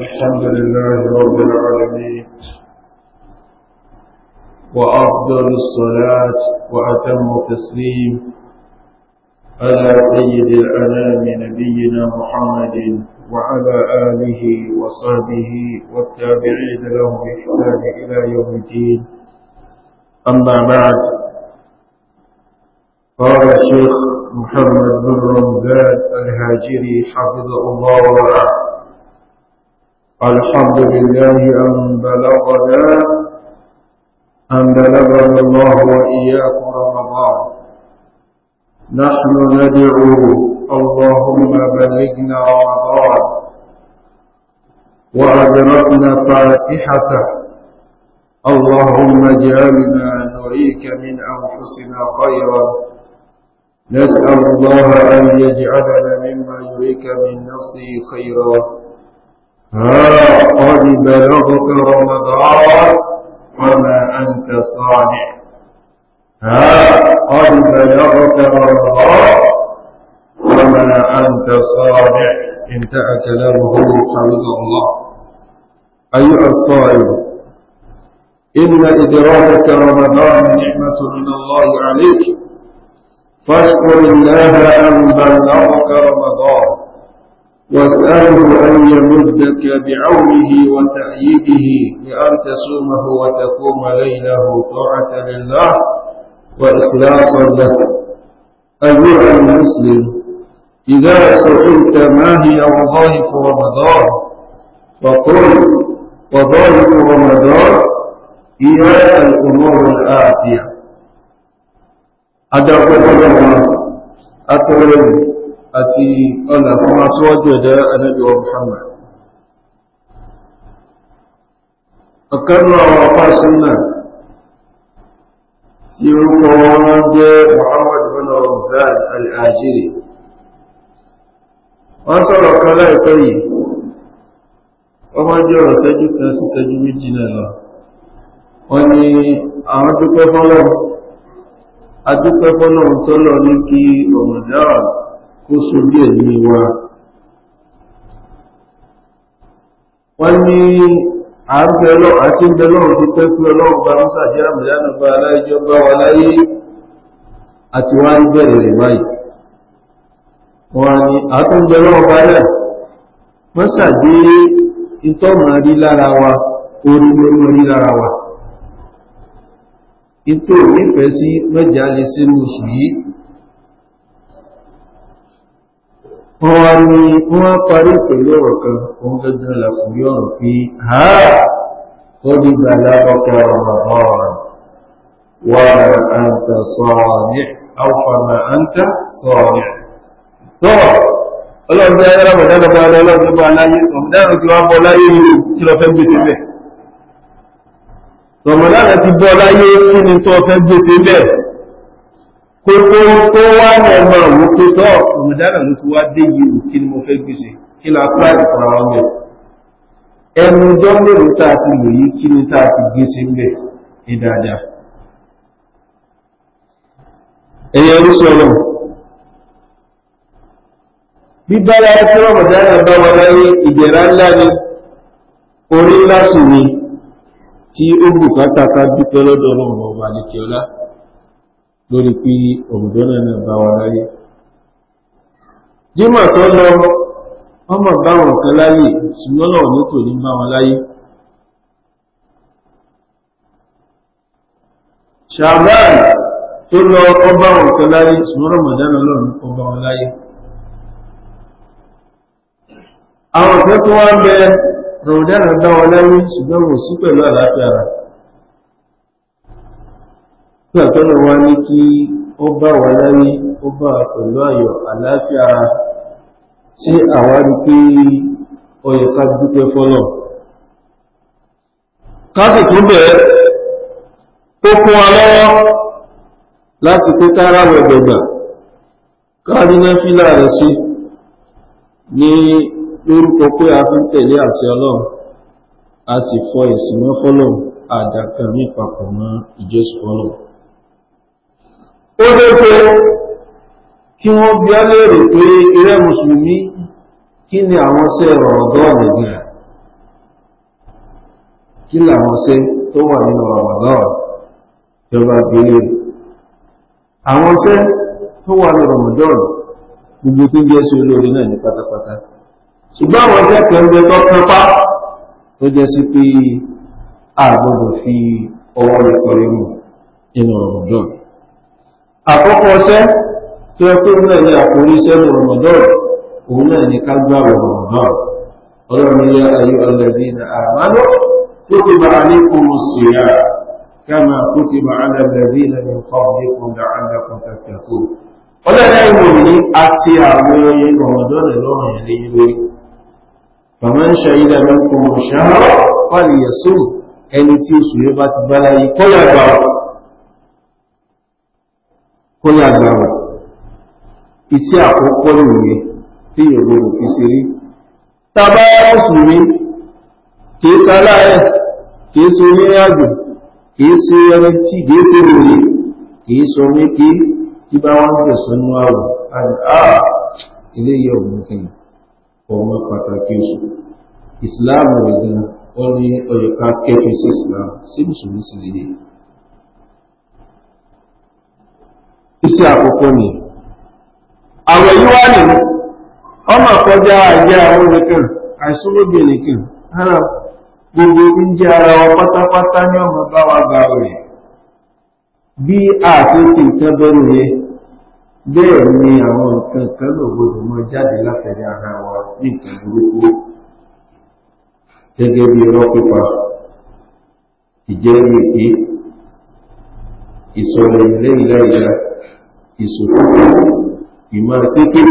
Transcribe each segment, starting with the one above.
الحمد لله رب العالمين وأفضل الصلاة وأتم التسليم على سيد الأنام نبينا محمد وعلى آله وصحبه والتابعين له بإحسان إلى يوم الدين أما بعد قال الشيخ محمد بن رمزان الهاجري حفظه الله ورعاه الحمد لله أن بلغنا أن بلغنا الله وإياكم رمضان نحن ندعو اللهم بلغنا رمضان وأدركنا فاتحته اللهم اجعلنا نريك من أنفسنا خيرا نسأل الله أن يجعلنا مما يريك من نفسه خيرا ها قد بلغت رمضان وما أنت صانع ها قد بلغت رمضان وما أنت صانع انتهى كلامه حمد الله أيها الصائم إن إدراكك رمضان نعمة من الله عليك فاشكر الله أن بلغك رمضان واسأله أن يمدك بعونه وتأييده لأن تصومه وتقوم ليله طاعة لله وإخلاصا له أيها المسلم إذا سئلت ما هي وظائف رمضان فقل وظائف رمضان هي الأمور الآتية أدعو الله أتريد àti ọ̀nà fún aṣíwájú ẹ̀dá Ànábì wa Muhammad ọ̀kan náà wọ́n fà súnà tí orúkọ wọn jẹ́ Muhammad bin Zad al-Ajiri wọ́n sọ̀rọ̀ kan láìpẹ́ yìí wọ́n máa jẹ́ ọ̀rọ̀ sẹ́jú kan sí sẹ́jú méjì náà lọ wọ́n ní àwọn dúpẹ́ fọ́lọ́ adúpẹ́ fọ́lọ́ tó lọ ní kí ọmọdé ọ̀rọ̀ kó sojú ẹ̀mí wa wọ́n ní àárúfẹ́ ọlọ́run àti ń bẹ lọ́run ti pẹ́ pé ọlọ́run bá ń sàjẹ́ àmìlànà bá aláìjọ bá wa láyé àti wá ń bẹ̀rẹ̀ rẹ̀ báyìí wọ́n ní àtúnbẹ lọ́run bá rẹ̀ wọ́n sàjẹ́ ìtọ́mọ̀ rí lára wa orí lórí rí lára wa ìtò nífẹ̀ẹ́ sí mẹ́jà lè sínú oṣù yìí wọ́n wá ní wọ́n parí pẹ̀lú ọ̀rọ̀ kan òun gẹ́gẹ́ lọ́kùnrin ọ̀rọ̀ pé ha ó ní gbàlá ọkọ̀ ọ̀rọ̀ wà àǹtà sọ̀rọ̀ àwọ̀fàmà àǹtà sọ̀rọ̀ tó ọlọ́run bí ayára bàdá bàbá ọlọ́run tó bá láyé ọ̀dáàrùn tí wọ́n bọ́ láyé yìí kí lọ fẹ́ gbé síbẹ̀ rọ̀mọ̀dáàrùn ti bọ́ láyé kí ni tó fẹ́ gbé síbẹ̀ kó tó wá nẹ̀mọ̀ òun pé tọ́ ọmọdánà ló ti wá dé ni mo fẹ́ gbèsè kí la pàdé fún ẹnu ọjọ́ mẹ́rin ti lò yí ni tá ti gbèsè ń bẹ̀ ní dáadáa ẹ̀yẹ oríṣi ọlọ́run bíbára tí ọmọdánà bá ni lórí pé òbòdó náà náà bá wa láyé jímọ̀ tó lọ ọmọ báwọn kan láyè ṣùgbọ́n náà ní tò ní bá wọn láyé ṣàbáì tó lọ ọba wọn kan láyé ṣùgbọ́n rọmọdánà lọ́rùn ọba wọn láyé àwọn kan tó wá ń bẹ rọmọdánà bá wọn láyé ṣùgbọ́n wọn sí pẹ̀lú àlàáfíà rẹ̀ nígbà tọ́lọ̀ wá ní kí ó bá wa láyé ó bá wa pẹ̀lú ayọ̀ àlàáfíà ara tí àwa rí pé ó yẹ ká dúpẹ́ fọ́lọ̀ ká sì tún bẹ̀ tó kún wa lọ́wọ́ láti pé ká ráwọ̀ ẹgbẹ̀gbà ká rí náà fílà rẹ̀ sí ní lórúkọ pé a fi ń tẹ̀lé àṣẹ ọlọ́run a sì fọ ìsìnmọ́ fọ́lọ́run àdàkàn ní papọ̀ mọ́ ìjọsìn ọlọ́run ó léṣe kí wọ́n bí á lèrè pé irẹ́ mùsùlùmí kí ni àwọn ṣe ọ̀rọ̀ dọ́ọ̀nù gbìyà kí làwọn ṣe tó wà nínú ọ̀rọ̀ dọ́ọ̀nù tí ó bá gbélé àwọn ṣe tó wà nínú ọ̀rọ̀ dọ́ọ̀nù gbogbo tó jẹ́ sí olórí náà ní pátápátá ṣùgbọ́n àwọn jẹ́ kẹ́ńgbẹ́ tó kápá tó jẹ́ sí pé àgbọ̀dọ̀ fi ọwọ́ rẹ̀ kọrin nínú ọ̀rọ̀ dọ́ọ̀nù àkọ́kọ́ ṣẹ́ tó yẹ pé náà ní àkórí sẹ́nu rọmọdọ́ọ̀ òun náà ní ká gbá rọmọdọ́ọ̀ ọlọ́run yá ayé ọlẹ́bí na àmàlọ́ tó ti bá alẹ́ kó mo sì yá tó ti bá alẹ́bí na ní kọ́ ní kó dá alẹ́ kó kó ọlọ́run yá ìwò ní àti àwọn oyin lọ́rùn yẹn ní yẹ̀sùn kó yà gbàwẹ̀ iṣẹ́ àkọ́kọ́ nìyẹn tí yòòbò rò fi ṣeré tábà mùsùlùmí kìí sáláyẹ̀ kìí ṣe onírìnàjò kìí ṣe ẹni tí kìí ṣe òye kìí sọ ní kí tí bá wọn fẹ̀sùn nú àwọ̀ àti àà eléyìí ọ̀gbìn kìí ọmọ pàtàkì oṣù ìsìláàmù rẹ̀ gan-an ó ní ọ̀yọ̀ká kẹfì sí ìsìláàmù sí mùsùlùmí sì lélẹ́yìí isi àkọ́kọ́ ni àwẹ̀ yíwá nìí ọmọ kọjá àjẹ́ àwọn nìkan àìsúrógbè nìkan ara gbogbo tí ara wa pátápátá ní ọmọ bá wa gba rẹ̀ bí àti ti nǹkan ni àwọn nǹkan kan mọ jáde látẹ̀lé ara wa ní nǹkan burúkú gẹ́gẹ́ bí ìsọ̀rọ̀ ìlẹ́yìn láìdá ìsòkú ìmá síkí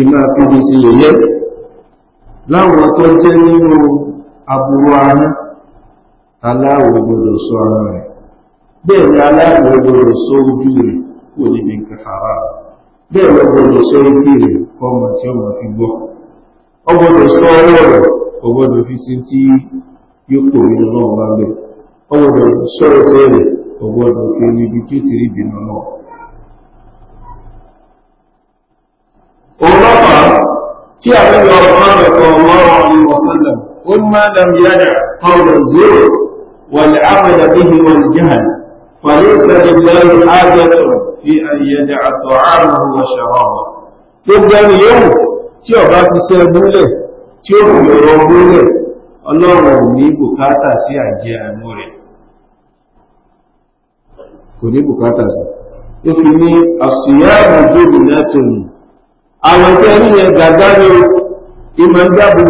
ìmá fíbi sí láwọn tó jẹ́ nínú aburú ara aláwọ̀ gbọdọ̀ sọ ara rẹ̀ bẹ́ẹ̀ ni aláwọ̀ gbọdọ̀ sọ ojú rẹ̀ kò níbi nǹkan ara bẹ́ẹ̀ lọ sọ etí rẹ̀ tí ọmọ fi gbọ́ sọ ọwọ́ rẹ̀ fi sí tí yóò nínú kò gbọ́dọ̀ ṣe níbi tí ó ti rí ìbínú náà ọlọ́pàá tí àbẹ́bẹ̀ ọ̀pọ̀ mẹ́sọ̀ ọlọ́rọ̀ ní ọ̀sánlẹ̀ ó ní máa dàm yára kọlọ̀ zero wà ní àbẹ̀dà bíbi wà ní jihàn pàlẹ́ ìsẹ̀lẹ̀ lẹ́yìn ágẹ́tọ̀ fi àyẹ̀dẹ̀ àtọ̀ àrùn wà ṣàrọ̀ gbogbo ẹni yóò tí ọba ti sẹ́ múlẹ̀ tí ó fi ọ̀rọ̀ múlẹ̀ ọlọ́run ní bùkátà sí àjẹ àmú rẹ̀ kò ní bùkátà sí ó fi ní àṣìyáàmù jóòdì náà tó ní àwọn ẹgbẹ́ ẹni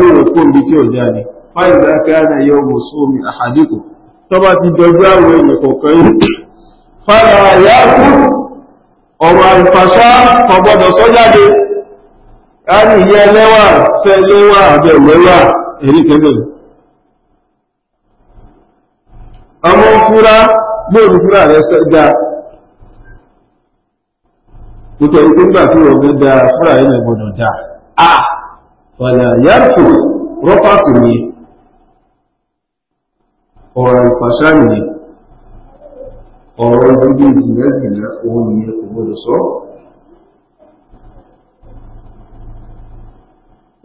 ní òun fún ibi tí ò dáa ni fáìlì akáyánà yẹ ọmọ sómi ti dọjú àwọn èèyàn kọ̀ọ̀kan yìí fáìlì àyáàkú bóòlù fúnra rẹ̀ sẹ́gbà nítorí pé nígbà tí wọ́n dá fúnra rẹ̀ náà gbọ́dọ̀ dá a wàlà yàtò rọ́pàtì ni ọ̀rọ̀ ìpàṣá nìyẹn ọ̀rọ̀ ìdíje ìzìnẹ́zìnẹ́ òun nìyẹn kò gbọ́dọ̀ sọ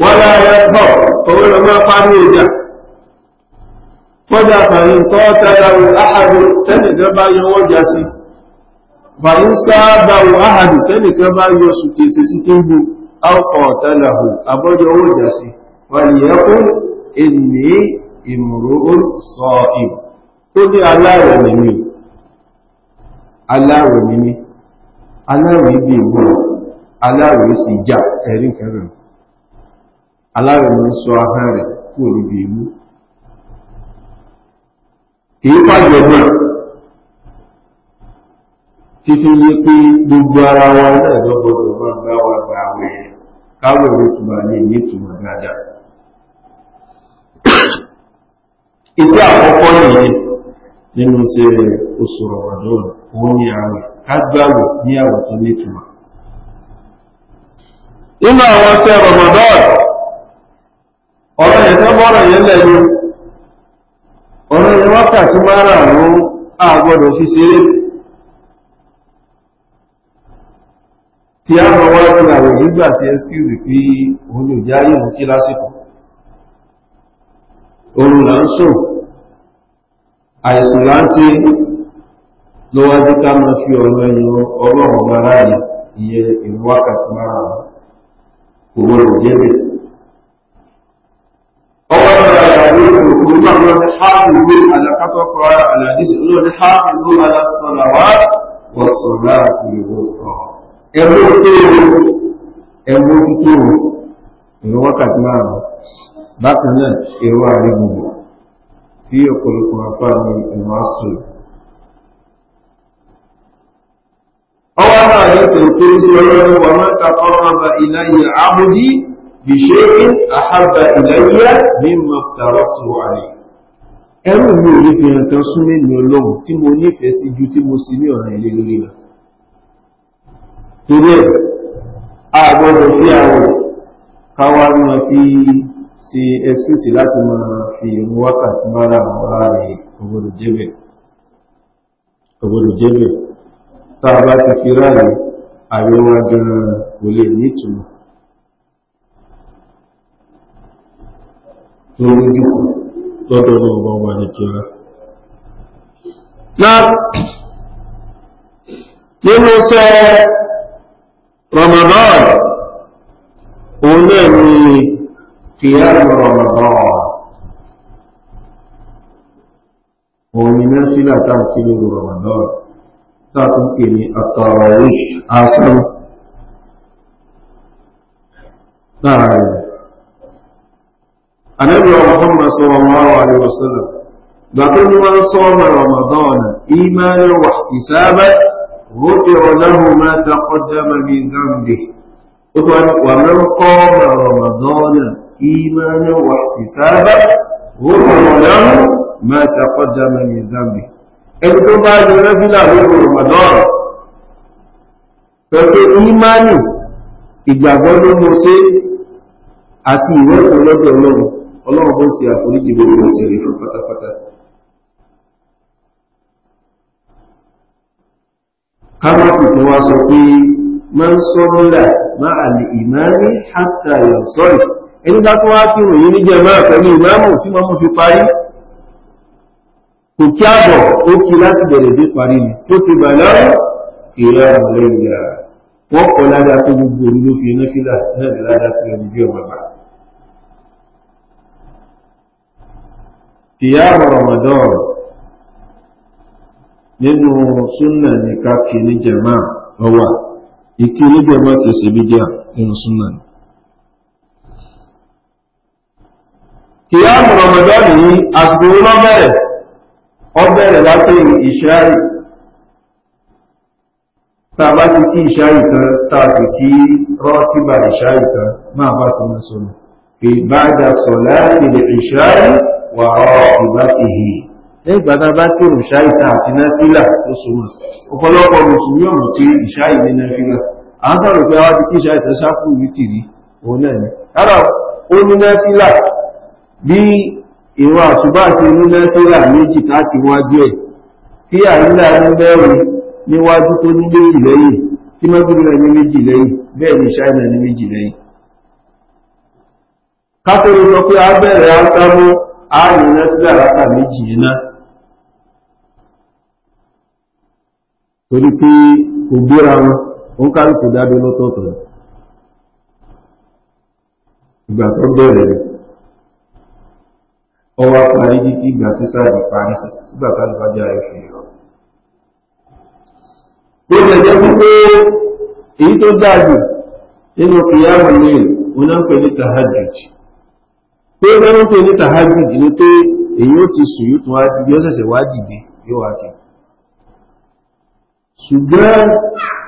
wọ́n láyé pọ̀ ọ̀rọ̀ ìlọ́mọ́ pàmì ìjà wọ́jà fàyín tọ́ tẹ́lẹ̀wò áhàdù tẹ́nìkan bá yọ wọ́jà sí fàyín sáábàwò áhàdù tẹ́nìkan bá yọ sùtì sí tí ń bú ọkọ̀ tẹ́lẹ̀wò abọ́jọ wọ́jà sí wàlìyẹ́kún ènì ìmúró sọ ìm tó ní aláwẹ̀ nìmi aláwẹ̀ nìmi aláwẹ̀ ibi aláwẹ̀ sì já ẹ̀rí kẹrin aláwẹ̀ ní sọ ahọ́n rẹ̀ kúrò níbi kìí fàjọ̀gbọ́n títí yí pé gbogbo ara wa lẹ́ẹ̀dọ́ gbogbo máa bá wa gba àwọn èèyàn káwọn èèyàn túmọ̀ lè ní ìtumọ̀ dáadáa iṣẹ́ àkọ́kọ́ nìyẹn nínú iṣẹ́ oṣù rọ̀wọ̀dọ́nù òun ni àwẹ̀ kágbàwẹ̀ ní àwẹ̀ tó nínú àwọn iṣẹ́ ọ̀rọ̀ yẹn tó yẹn lẹ́yìn àwẹ̀ wákàtí márààrún a gbọ́dọ̀ fi ṣeré tí a mọ̀ wáyé àwẹ̀ gbígbà sí ẹ́skìzì pé òun ló jẹ́ ayé mú kí lásìkò òun là ń sùn àìsùn là ń ṣe ló wá jẹ́ ká máa fi ọ̀rọ̀ ẹ̀yìn ọlọ́run bá láàyè ìyẹn ìwọ́kàtí márààrún òun ló jẹ́ bẹ́ẹ̀ عليكم مرة حافظوا على حقق على جزء حافظوا على الصلوات والصلاة الوسطى ẹ̀wọ́n ẹ̀wọ́n títí o ìwọ́n wákàtí márùn-ún bákan náà ẹ̀wọ́n àrígbùgbò tí ọ̀pọ̀lọpọ̀ apá ní ìwọ́n asùn ọwọ́ náà yóò tẹ̀lé sí ọlọ́run wọn mẹ́ta ọmọ ọba ìlàyé àbúdí bìṣẹ́kì àhábà ìlẹ́yẹ mímọ̀ tààrọ́tù àrẹ ẹrù mi ò ní fi hàn kan sún mí ní ọlọ́run tí mo nífẹ̀ẹ́ sí ju tí mo sì ní ọ̀ràn ilé lórí rẹ̀ torí ẹ̀ a gbọ́dọ̀ fi àwọ̀ káwá ní wọn fi ṣe ẹ́sìkúsì láti máa fi ìrún wákàtí mára àwọn ará rẹ̀ ọgbọ́dọ̀ jẹ́bẹ̀ tá a bá ti fi ráàyè àríwá gan-an kò lè nítumọ̀ tó rújú lọ́dọ̀ ní ọba ọba nìkẹ́lá na nínú sọ Ramadan òun náà ni kìyàmù Ramadan òun ni náà sílẹ̀ táàkì nínú Ramadan táàkì ní àtàràwí asán láàrin Ànábì wa Muhammad sallallahu alaihi wasallam gbàtó ni wọ́n sọ́ọ̀mà Ramadan ìmáyé wà ti sábà غفر له ما تقدم من ذنبه ومن قام رمضان إيمانا واحتسابا غفر له ما تقدم من ذنبه ẹni tó bá jẹ nẹ́fílà lórí Ramadan pẹ̀lú ìmánì ìgbàgbọ́ ló mọ́ sí àti ìwọ́sàn lọ́dọ̀ Ọlọ́run ọlọ́run bó ṣe àforíjì gbogbo ìṣẹ̀lẹ̀ fún pátápátá. kábàtì tó wá sọ pé máa ń sọ́mọ́lá máa àlè ìmáàmì hátà ìyànsọ́rì ẹni bá tó wá kírun yìí níjẹ̀ máa pẹ̀lú ìmáàmù tí wọ́n mú fi parí kò kí àbọ̀ ó kí láti bẹ̀rẹ̀ dé parí ni tó ti bà lọ́rùn ìrẹ́ ọmọ lẹ́yìn wọ́n kọ́ ládàá tó gbogbo orí ló fi iná fílà náà ládàá tí wọ́n bí ọmọ bàbá kìyàmù Ramadan nínú súnà ní káàkiri ní jẹ̀má ọwà ìkí ní jẹ̀má kìsì bí jẹ́ nínú súnà ní kìyàmù Ramadan ní àsìkò lọ́bẹ̀rẹ̀ ọbẹ̀rẹ̀ láti ìṣáì tàbá ti kí ìṣáì kan tàbí kí rọ́tíbà ìṣáì kan máa bá ti mọ́ sọ́nà ìbádà sọ̀lá ìlẹ̀ ìṣáì wà ọ̀rọ̀ bá tá bá kí òṣà ìta àti náfílà tó so mọ̀ mùsùlùmí ọ̀nà tí náfílà tọrọ pé yìí tì ni ó ní náfílà bí àṣùbá àti inú náfílà méjì wájú tí àrílà ní níwájú tó ní méjì tí ní méjì bẹ́ẹ̀ ni ní méjì ààyè náà sílẹ̀ àràkà méjì yẹn náà torí pé kò gbéra wọn ó ń kálukú dábẹ́ lọ́tọ̀ọ̀tọ̀ ìgbà tó bẹ̀rẹ̀ rẹ̀ ọwọ́ parí títí ìgbà tí sáàdì parí sígbà tàbí bá járe fi yọ. ó lè jẹ́ sí pé èyí tó dáa jù nínú kìyàmù lè onáńpẹ̀ ní tahajjud pé wọ́n pè ní tahajjud ni pé èyí ó ti sùn yóò tún wá dìde ó ṣẹ̀ṣẹ̀ wá dìde yóò wá kí ṣùgbọ́n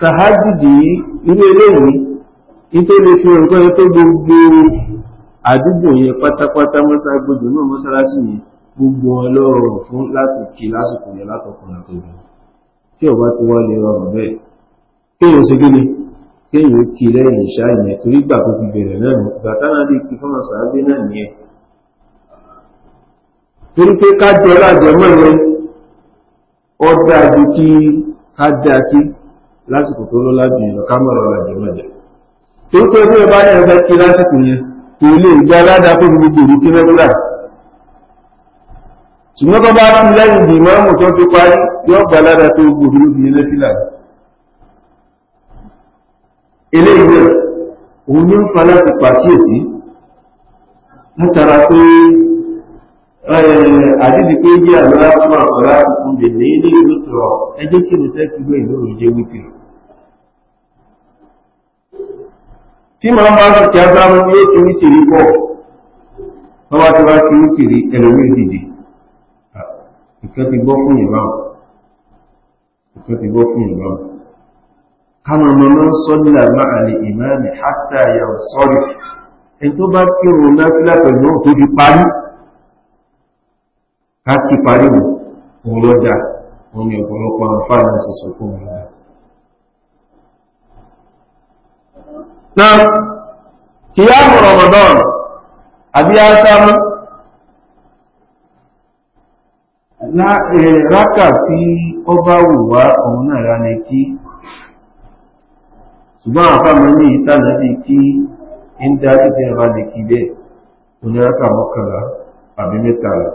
tahajjud yìí irú eléyìí nítorí lè fi ọ̀rọ̀ yẹn tó gbogbo àdúgbò yẹn pátápátá mọ́ságbójú náà mọ́sálásí yẹn gbogbo wọn lọ́rọ̀ fún láti kí lásìkò yẹn látọkùnrin àtòbìnrin tí ọba ti wá lè rọrùn bẹ́ẹ̀ kéèyàn ṣe gíní kéèyàn kí lẹ́yìn ìṣá ìyẹn torí gbà tó fi bẹ̀rẹ̀ náà gbà tánà lè kí fún ọ̀sán náà nìyẹn torí pé ká jọ lájẹmọ́ yẹn ó dáa ju kí ká dáa kí lásìkò tó ló lájú ìlọ ká mọ̀ lọ́wọ́ àjẹmọ́ yẹn torí pé bí ẹ bá yẹn fẹ́ kí lásìkò yẹn kò lè gba aládàá tó gbogbo ìlú kí mẹ́kúrà ṣùgbọ́n tó bá fi lẹ́yìn ìdì ìmọ̀ọ́mù tó fi parí yóò gba aládàá tó gbogbo ìlú kí mẹ́kúrà eléyìí òun ní ń fa láti pàkíyèsí látara pé ehh pé bí àlọ́lá fún àkọ́lá fún bèèrè ilé ìlú tọ̀ ẹjẹ́ kí ní tẹ́kìgbé ìlúrù jẹ́ wítì tí ma bá fi kí ásá mú yé kí wítì rí pọ̀ wọ́n bá ti wá kí wítì rí ẹlòmí ìdìdì nǹkan ti gbọ́ fún nǹkan ti gbọ́ fún sọ ìmáàmì ká ti parí wò òun ló dà òun ni ọ̀pọ̀lọpọ̀ àǹfààní àṣìṣe fún òun lọ́dà. náà kì í àmọ̀ Ramadan àbí ásámú rákà tí ó bá wù wá òun náà rá ní kí ṣùgbọ́n àfàmọ́ ní ìtànà bí kí ń darí bẹ́ẹ̀ bá lè kí bẹ́ẹ̀ oníraka mọ́kànlá àbí mẹ́tàlá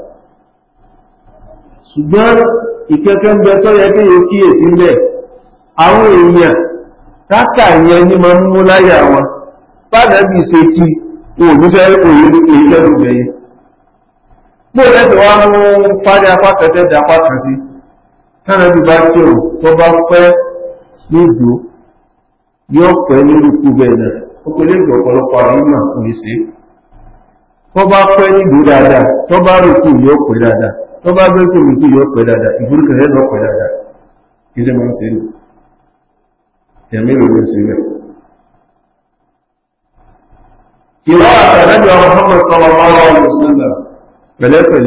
ṣùgbọ́n ìkẹ́kẹ́ ń bẹ tó yẹ kí yóò kíyè sílẹ̀ àwọn èèyàn rákà yẹn ní ma mú láyà wọn ṣe kí wọn ò ní fẹ́ òye ìlẹ́rù bẹ̀yẹ bó lẹ́sẹ̀ wá mú fárí bá tó bá pẹ́ yóò pẹ́ ikú bẹ́ẹ̀ náà ó pẹ́ ọ̀pọ̀lọpọ̀ àwọn ìmọ̀ àkùnrin sí tó tó bá gbé kò wípé yóò pẹ́ dáadáa ìforúkọ rẹ̀ lọ pẹ́ dáadáa kí sẹ́ máa ń ṣe ẹ̀mí ló ló ṣe bẹ́ẹ̀. ọrụ ọmọ sọ̀rọ̀ pẹ̀lẹ́pẹ̀lẹ́ àtàwọn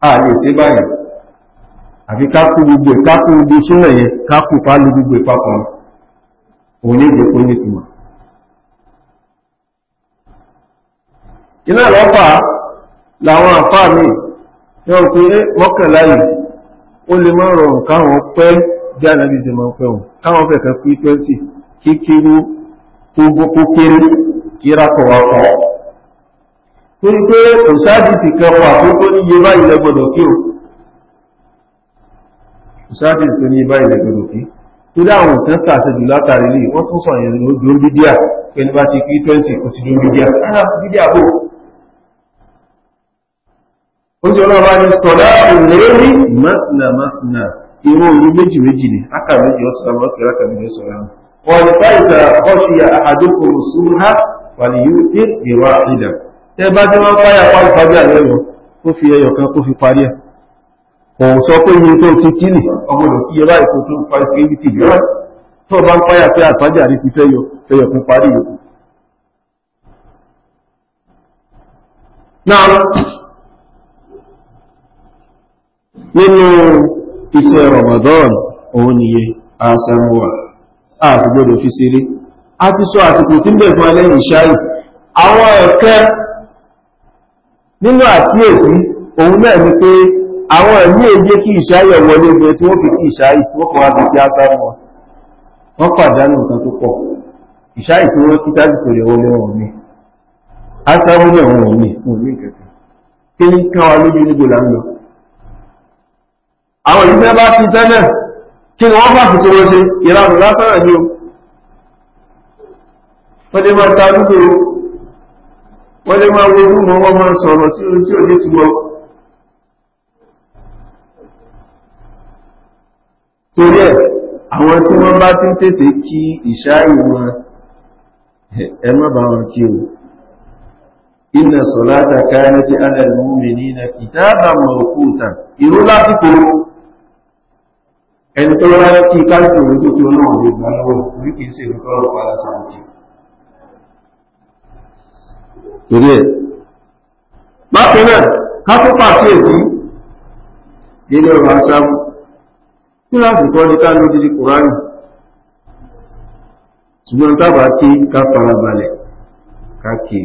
a lè ṣe báyìí àfi kákú gbogbo ìkákú ibi yẹn kákú gbogbo ìpapọ̀ òun ní ní tìmọ̀ iná lọ́fà làwọn àfáà mi tí wọ́n pé mọ́kànlá yìí ó lè mọ́ rọrùn káwọn pẹ́ bí anábì ṣe máa pẹ́ wọn káwọn fẹ̀kẹ́ pé 20 kékeré gbogbo kéré kíra kọ̀ wá kọ̀ torí pé òṣáàdì sì kan wà tó tó níye báyìí lẹ́gbọ̀dọ̀ kí o òṣáàdì sì tó níye báyìí lẹ́gbọ̀dọ̀ kí torí àwọn òtẹ́ sàṣẹ́jù látàrí lè wọ́n tún sọ̀yẹ̀ lójú bídíà pẹ̀lú bá ti pí 20 kò ti lójú bídíà Ozi sì ọlọ́ọ̀bá ní sọ̀dá Masna Masna, mọ́sìnà ìwọ̀n òru méjì méjì ni rákà méjì ọ̀sán mọ́kì rákà méjì sọ̀rọ̀ ọ̀rọ̀ táìta ọ̀ṣì àdókò ṣúrúhá wà ní yóò kan fi ti ibi ti bẹ́ẹ̀ tó bá ti kan nínú iṣẹ́ Ramadan òun nìyẹ àṣàmùwà àṣìgbọ́dọ̀ fi ṣeré a ti sọ àsìkò tí ń bẹ̀ fún alẹ́ ìṣáì àwọn ẹ̀kẹ́ nínú àkíyèsí òun náà ni pé àwọn ẹ̀mí èyí kí ìṣáì ẹ̀wọlé ẹgbẹ́ tí wọ́n fi kí ìṣáì tí wọ́n fọwọ́ fi kí àṣàmùwà wọ́n pàdánù nǹkan tó pọ̀ ìṣáì tí wọ́n kí àwọn ìlú tẹ́ bá fi tẹ́lẹ̀ kí ni wọ́n bá fi tó wọ́n ṣe ìranù lásán àjò wọ́n lè máa ta dúdú wọ́n lè máa wo orúmọ wọ́n máa sọ̀rọ̀ tí ó tí ò ní túbọ̀ torí ẹ̀ àwọn tí wọ́n bá ti ń tètè kí ìṣááyì wọn ẹ má bá wọn kí o inna sọ̀látà káyọ̀ tí alẹ́ lómi nínú ìtàbà òkúta ìrú lásìkò ẹni tó wá kí kálùkù rẹ̀ tó tí ó náà lè gbà lọ́wọ́ orí kìí sí ìrùkọ́ ọ̀pá lásàmùkì torí ẹ̀ bákan náà ká tó pàkíyèsí nínú ọ̀rọ̀ asámù kí lásìkò ní ká ló dídí kùránì ṣùgbọ́n tábà kí ká fara balẹ̀ ká kí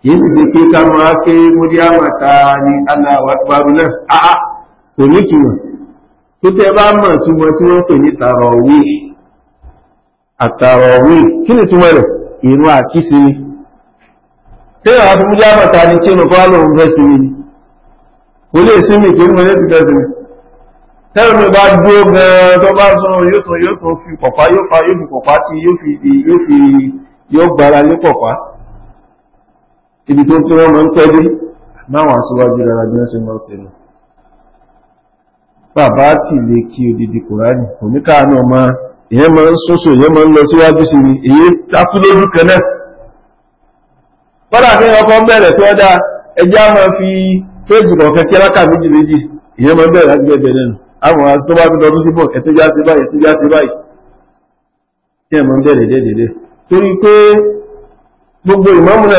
kìí sì sí pé ká máa ké mórí àmàta ní aláwàgbárú náà kò ní túmọ̀ tó tẹ bá mọ̀ tí wọ́n tí wọ́n pè ní tàrọ̀wé àtàrọ̀wé kí ni túmọ̀ rẹ̀ ìrun àkísí ni tí àwọn afúnmú jábọ̀ ta ni kí nìkan lóun fẹ́ sí mi kò lè sí mi kí nìkan lè ti fẹ́ sí mi tẹ́lẹ̀ mi bá gbó gan-an tó bá sún yóò tún yóò tún fi pọ̀pá yóò fa yóò fi pọ̀pá tí yóò fi yóò fi yóò gbára lé pọ̀pá ibi tó tí wọ́n máa ń tẹ́jú máwọn aṣíwájú rárá bí wọ́n ṣe máa ń ṣe nù bàbá ti lè kí odidi kòránì kò ọmọ èyàn máa ń sọ́sọ̀ èyàn máa ń lọ síwájú sí ni èyí takú lójú kan náà bọ́dà kí ọkọ̀ bẹ̀rẹ̀ tó dáa ẹjẹ́ á máa fi péjì kọ̀ọ̀kan kí alákà méjì méjì èyàn máa bẹ̀rẹ̀ láti bẹ̀rẹ̀ nù àwọn tó bá dúdọ tó síbọ̀ ẹ̀tọ́ já sí báyìí ẹ̀tọ́ já sí báyìí kí ẹ̀ máa bẹ̀rẹ̀ dédédé torí pé gbogbo ìmáàmù ni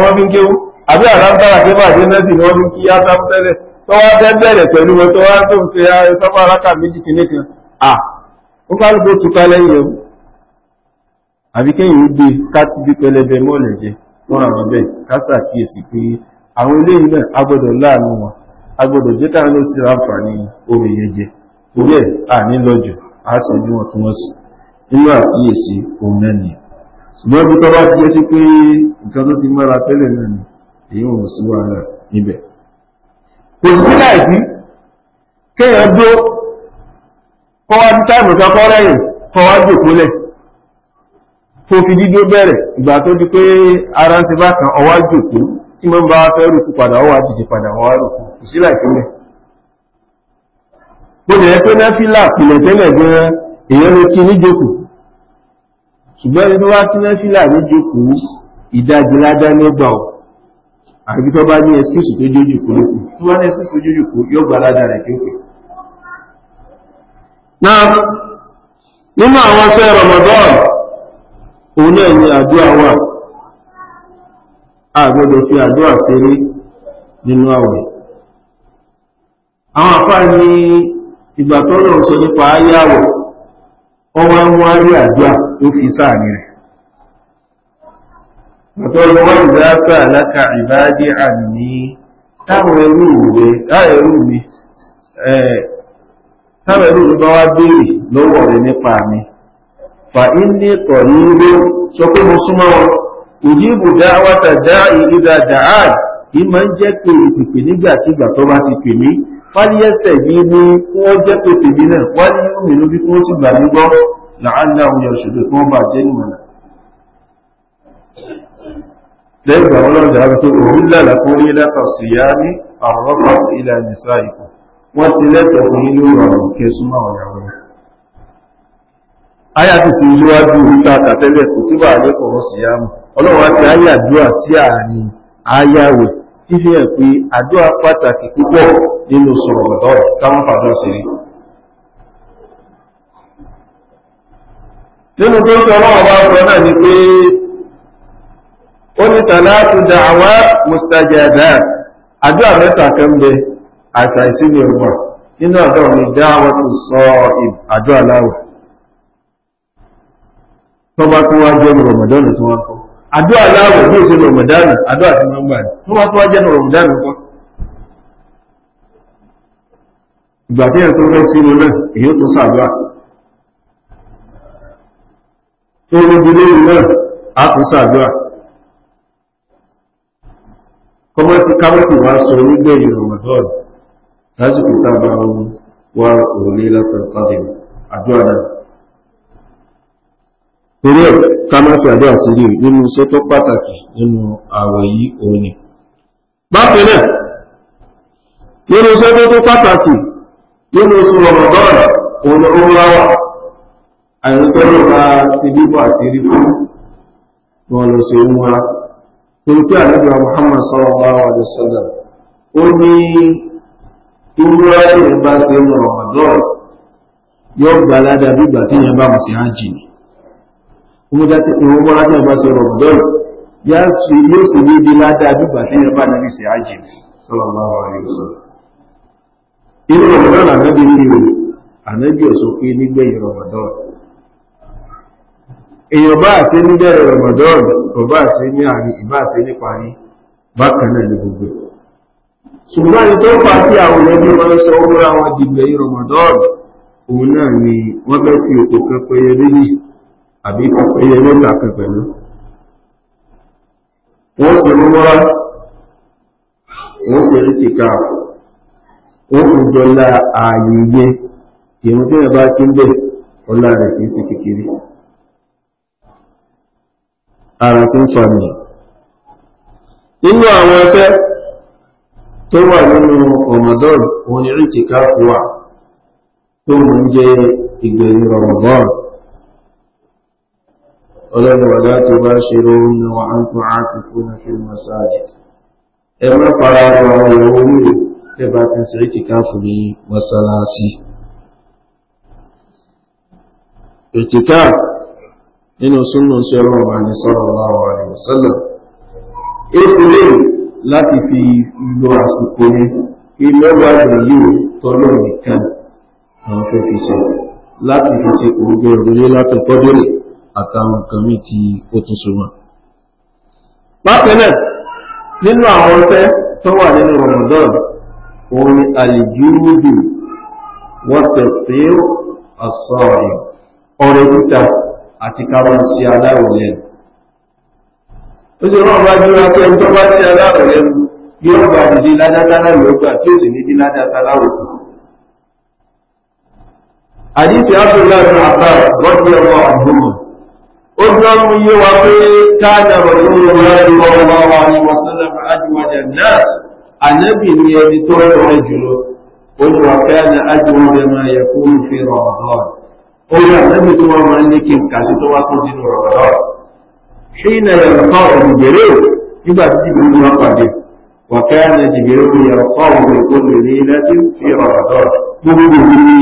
wọ́n fi ń kéwú àbí àlámbára kébà dé nẹ́sì ni wọ́n fi ń kí yá sáfẹ́lẹ̀ tó wá fẹ́ bẹ̀rẹ̀ pẹ̀lú wọn tó wá tó ń fi ara eh, sábà rákà méjì kìíní kan à ó bá lóko túká lẹ́yìn ẹ̀wù àbí kéyìn gbé ká ti bí pẹlẹbẹ mọ́ọ̀lẹ̀ jẹ fún àwọn bẹ́ẹ̀ ká ṣàkíyèsí pé àwọn eléyìí náà a gbọ́dọ̀ láàánú wọn a gbọ́dọ̀ jẹ́ káwọn ló sì ra àǹfààní omi yẹn jẹ torí ẹ̀ à ní lọ́jọ́ a sì ní wọn tí wọ́n sì nínú àkíyèsí òun náà nìyẹn ṣùgbọ́n bí tọ́ bá kíyèsí pé nǹkan tó ti mọ́ra tẹ́lẹ̀ náà ni èyí wọn ò sí níbẹ̀ kò sí láìsí kéèyàn dó kọ́wá bí táìmù kan kọ́ rẹ̀yìn kọ́wá jòkólẹ̀ tó fi dídó bẹ̀rẹ̀ ìgbà tó di pé ara ń ṣe bá kan ọwá jòkó tí mọ́ bá fẹ́ rùkú padà ọwá jìjì padà ọwá rùkú kò sí láìsí mẹ́ ó lè pé náfílà pìlẹ̀ tẹ́lẹ̀ gan èèyàn ló kí níjòkó ṣùgbọ́n ẹni tó wá kí náfílà níjòkó ìdajì ládá ní ọgbà ọ̀ àbí tó bá ní ẹsíkìsì tó jójú kó lókù tó bá ní ẹsíkìsì tó jójú kó yóò gba aládàá rẹ̀ kí ó pè. náà nínú àwọn ṣe Ramadan òun náà ni àdúrà wà a gbọ́dọ̀ fi àdúrà ṣeré nínú àwẹ̀ àwọn àfáà ní ìgbà tó lọ sọ nípa ayé àwẹ̀ ọwọ́ ń wá rí àdúrà ó fi sáà ní rẹ̀ nítorí wọ́n ìdá sà lákà ìbáàdí àní táwọn ẹrú ìwé táwọn ẹrú mi n'ipa mi bá wá béèrè lọ́wọ́ rẹ̀ nípa mi fa inni tọ̀rí ló sọ pé mo súnmọ́ wọn ìdíbò dáwàtà máa ń jẹ́ pé ìpèpè tó bá ti pè mí fáyẹ́sẹ̀ yìí ní kí wọ́n jẹ́ pé tèmi lẹ́yìn ìgbà wọn lọ́jà wípé òun lẹ́la kó rí lẹ́tọ̀ sí yá wọ́n ti lẹ́tọ̀ fún inú ọ̀rọ̀ kí súnmọ́ ọ̀yàwó Aya ti sì àtàtẹ́lẹ̀ kò tí lẹ́kọ̀ọ́ yá ti ayá àdúrà sí àárín fífi hàn pé pàtàkì púpọ̀ nínú sọ̀rọ̀ ọ̀dọ́ táwọn fàdúrà sí rí nínú tó ń sọ sọ Onye ní tàlátù mustajabat àdúrà mẹ́ta kan àtàìsí ní ọgbà nínú àdúrà ní dáwà tó sọ àdúrà láwà tó bá tó wá jẹ́ ramadan tó wá kọ́ àdúrà láwà ní ìṣẹ́ ramadan àdúrà tó máa ń gbà ní tó tó ramadan ìgbà tí tó náà èyí tó sàdúrà tó kọ́mọ́ ti kámọ́tì wá sọ nígbẹ̀yìn Ramadan lásìkò tá a bá ń wá òrùlé látàkàdé àdúrà náà torí ẹ̀ ká má fi àdúrà sílẹ̀ nínú iṣẹ́ tó pàtàkì nínú ààwẹ̀ yìí òun ni bákan náà nínú iṣẹ́ tó pàtàkì nínú oṣù Ramadan òun ni ó ń láwà àìrúkọ́ ló bá ti bíbọ̀ àti rí fún wọn lọ sí òun torí pé àlejò Muhammad sallallahu alaihi wasallam ó ní irú ayé bá ṣe ń Ramadan yóò gbà ládàá bí ìgbà téèyàn bá wọn sí ájì ni òun bọ́lá téèyàn bá ṣe Ramadan yóò sì ní di ládàá bí ìgbà téèyàn bá nàbí sí ájì ni sallallahu alaihi wasallam inú Ramadan ànábì ní o ànábì ọ̀sọ̀ pé nígbẹ̀yìn Ramadan èèyàn bá àṣẹ ní bẹ̀rẹ̀ Ramadan kò bá àṣẹ ní àárín ìbá àṣẹ ní parí bákan náà ní gbogbo ṣùgbọ́n ní tó fà á kí àwọn ẹbí wọn sọ ó múra wọn dìgbẹ̀ yìí Ramadan òun náà ni wọ́n fẹ́ fi òkú kan pẹyẹ méjì àbí pẹyẹ mẹ́ta kan pẹ̀lú wọ́n sì mú mọ́ra wọ́n sì rí tìka wọ́n kò jọ la ààyè yẹ ìrùn tó yẹ bá kí ń bẹ̀ ọlá rẹ̀ kì í sì kékeré ara tí ń sọ ni nínú àwọn ẹsẹ́ tó wà nínú ọmọdọ́rù òun ni ríntì káàkù wà tó mú ń jẹ ìgbẹ̀yìn rọmọdọ́rù ọlọ́run wàdá tó bá ṣe lóhun ní wà ń tún ákùnkù ní fi masáàjì ẹ má para àwọn ìyàwó nílò tẹ́bà ti ń ṣe ríntì káàkù ní masáàlásì ìtìkáàkù nínú súnmọ̀ sí ọlọ́run bá ní sallallahu alaihi wasallam èsì lè láti fi lo àsìkò ní ìlọ́gbà ìgbàlú tọ́lọ̀ nìkan àwọn fẹ́ fi ṣe láti fi ṣe ògbé òrùlé láti kọ́dọ̀rẹ̀ àtàwọn nǹkan mí tí ó tún súnmọ́ bákan náà nínú àwọn ọṣẹ tó wà nínú Ramadan òun ni àlìjúrúdù wọ́n tẹ̀sí àsọ̀rọ̀ ọ̀rẹ́ títà àti káwọn sí aláwọ̀ lẹ́nu ó sì rán ọba jùlọ pé ẹni tó bá sí aláwọ̀ lẹ́nu yóò gbà dìde ládàtà láwọ̀ ọgbà tí ó sì ní dí ládàtà láwọ̀ àdísì abdullahi bin abbas rọ́bì ọmọ àdúgbò ó dúró mú yé wa pé káàdà rọ̀lọ́wọ́ láàrin ọmọ wa ni wasallam adúwàdà náà ànábì ni ẹni tó rọrẹ jùlọ ó ní wà káàdà adúwàdà máa yẹ kúrò fi rọ̀ ọ̀dọ́ orí àtẹ́bí tí wọ́n máa ń ní kí n kà sí tó wá kó nínú rọ̀rọ̀ ṣé iná yẹ̀rọ kọ́ ọ̀rọ̀ jèrè o nígbà tí jìbìrì ni wọ́n pàdé wọ̀kẹ́ ẹni jìbìrì ni yẹ̀rọ kọ́ ọ̀rọ̀ èkó lè ní lẹ́tí fi rọ̀rọ̀ gbogbo ní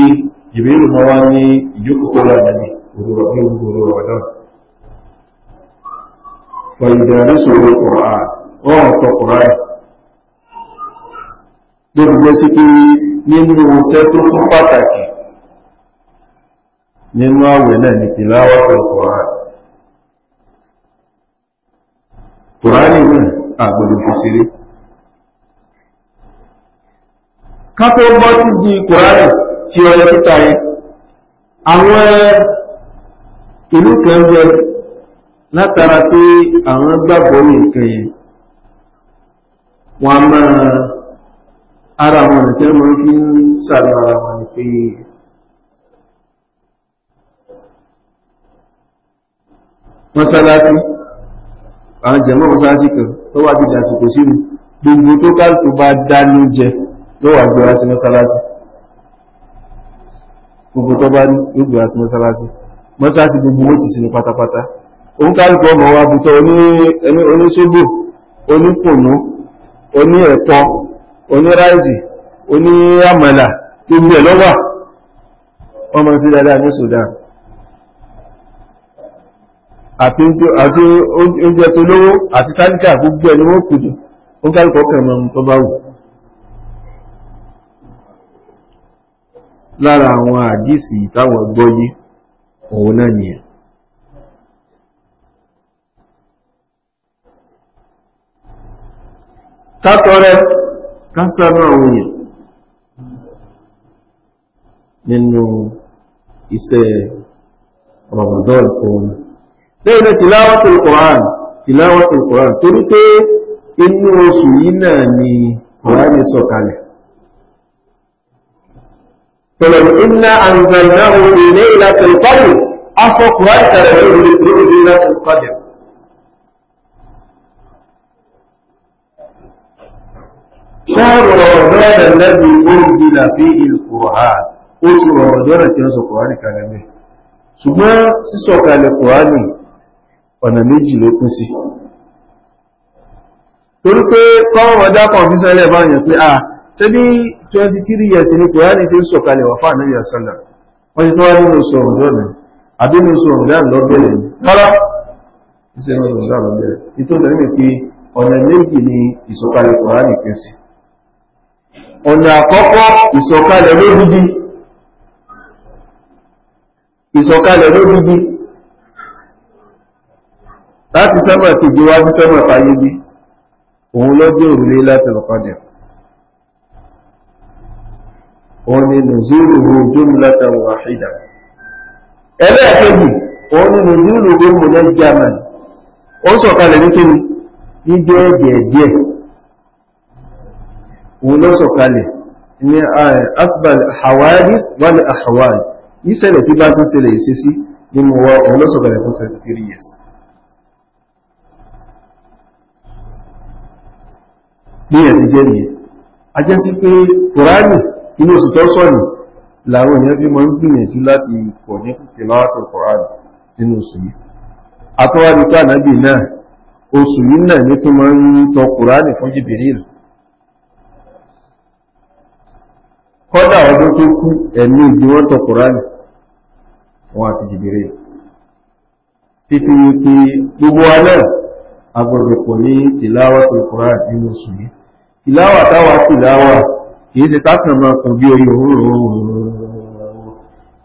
jìbìrì mọ́ wá ní ìjókòó lọ́dọ̀ ní òwúrọ̀ ní gbogbo rọ̀rọ̀ fọ̀yìndẹ̀rẹ́ sọ̀rọ̀ kọ̀ọ̀à ọ̀rọ̀ tọkùnrin gbogbo sí kí nínú iṣẹ́ tó fún pàtàkì nínú àwẹ̀ náà ní ti láwọ́tọ̀ kọ̀ọ̀rán kùránì náà àgbọ̀dọ̀ fi ṣeré ká bọ́ sí di kùránì tí ọyọ títà yẹn àwọn ìlú kan jẹ látara pé àwọn gbàgbọ́ nǹkan yẹn wọn máa ara wọn tí wọn fi ń sàlọ ara mọ́sálásí àwọn jẹ̀mọ́ mọ́sálásí kan tó wà bíi àsìkò sínú gbogbo tó kálukú bá dánú jẹ tó wà gbéra sí mọ́sálásí gbogbo tó bá ní yóò gbéra sí mọ́sálásí mọ́sálásí gbogbo ó ti sinú pátápátá òun kálukú ọmọ wa bùtọ oníṣògbò onípònú oní ẹ̀kọ́ oní ráìsì oní àmàlà gbogbo ẹ̀ lọ́wà wọ́n mọ̀ sí dáadáa ní Sudan àti oúnjẹ tó lówó àti táníkà gbogbo ẹni wọ́n kùdù ó kálùkọ́ kẹ̀mọ̀ tó bá wù lára àwọn àdísì táwọn gbọ́yé òun náà nìyẹn kátọrẹ kásánà òun nínú iṣẹ́ Ramadan tó lẹ́yìn náà tìláwọ́tò Quran tìláwọ́tò Quran torí pé inú oṣù yìí náà ni Quran sọ̀kalẹ̀ pẹ̀lú iná àǹzàná òun ilé ìlàtọ̀ ìkọlù aṣọ Quran kẹrẹ̀ lórí ìlú ìlàtọ̀ ìkọlù شهر رمضان الذي أنزل فيه القرآن oṣù rọ̀mọ̀dọ́nà tí wọ́n sọ kùránì kalẹ̀ mẹ́ ṣùgbọ́n sísọ̀kalẹ̀ kùránì ọ̀nà méjì ló pín sí torí pé kọ́wọ́ dápọ̀ fi sẹ́lẹ̀ báyàn pé ah ṣe bí 23 years ní kòránì fi ń sọ̀kalẹ̀ wà fáà nílẹ̀ sọ́là wọ́n ti tọ́wọ́ nínú sọ̀rọ̀ lọ́nà àbí nínú sọ̀rọ̀ lọ́nà lọ́bẹ̀rẹ̀ rárá ìṣẹ́ wọn lọ́nà lọ́bẹ̀rẹ̀ ìtòsẹ̀ ní pé ọ̀nà méjì ni ìsọ̀kalẹ̀ kòránì pín sí ọ̀nà àkọ́kọ́ ìsọ̀kalẹ̀ lódìdí ìsọ̀kalẹ̀ lódìdí láti sánmà kejì wá sí sánmà fáyé bí òun lọ́jọ́ òrùlé láti lọ́kọ́dẹ̀ òun ni nùzúrù rojúm látàwọn àṣídà ẹlẹ́ẹ̀kejì òun ni nùzúrù rojúm lẹ́jàmà ó sọ̀kalẹ̀ ní kíni ní jẹ́ ẹ̀dẹ̀ẹ̀dẹ̀ òun ló sọ̀kalẹ̀ ní asbal hawadis wal ahwal ìṣẹ̀lẹ̀ tí bá ti ṣẹlẹ̀ ìṣesí nínú wa òun ló sọ̀kalẹ̀ fún 33 years bí ẹ̀ ti jẹ́ nìyẹn a jẹ́ sí pé kòránì inú oṣù tó sọ̀nù làwọn èèyàn fi mọ́ ń gbìyànjú láti kọ̀ ní tìláwàtì kòránì nínú oṣù yìí atọ́wádìí tó ànábì náà oṣù yìí náà ní tó máa ń tọ kòránì fún jìbìrìl kọ́dà ọdún tó kú ẹ̀mí ìgbé wọ́n tọ kòránì wọn àti jìbìrìl fífi pé gbogbo wa náà agbọ̀dọ̀ pọ̀ ní tìláwàtì kòránì nínú oṣù yìí ìláwà táwà sí ìláwà kìí ṣe tákàn máa kàn bí orí òun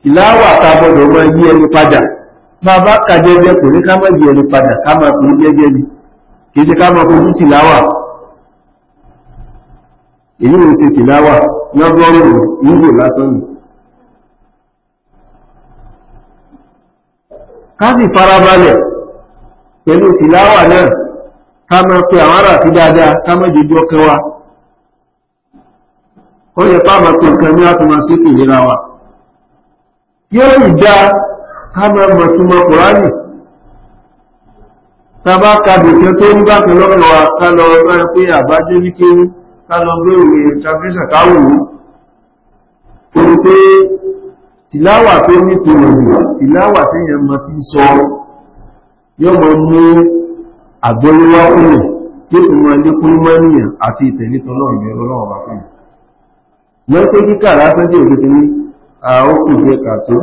ìláwà ta gbọdọ̀ máa yí ẹnu padà máa bá kà jẹ́jẹ́ kò ní ká má yí ẹnu padà ká máa pè é jẹ́jẹ́ ni kìí ṣe ká máa fojú tìláwà èyí ò ṣe tìláwà lọ́gọ́rùn-ún nílò lásán ni ká sì farabalẹ̀ pẹ̀lú tìláwà náà ká máa pe àwọn ará àti dáadáa ká máa jẹjọ ọkẹ wa ó yẹ pa àmọ́ pé nǹkan ní àtúmọ̀ sí ìlera wa yóò ì dá ká máa mọ̀ tí mọ kùránì tá a bá ka dòkè tó ń bá kan lọ́rọ̀ wa ká lọ rán pé àbájé ní kéwú ká lọ gbé òwe ìtàfẹ́sà káwò ó torí pé tìláwà tó ní tòrò tìláwà téèyàn mọ ti sọ yọmọ mú àgbóyíwá òyìn kí ìmọ̀ ẹlékún ní mọ́níyàn àti ìtẹ̀lé tọ́lọ́ ìbẹ̀rù ọlọ́run bá fún mi wọ́n pé kíkà lásán jẹ́ òṣèlú ní àókù jẹ́ kàtó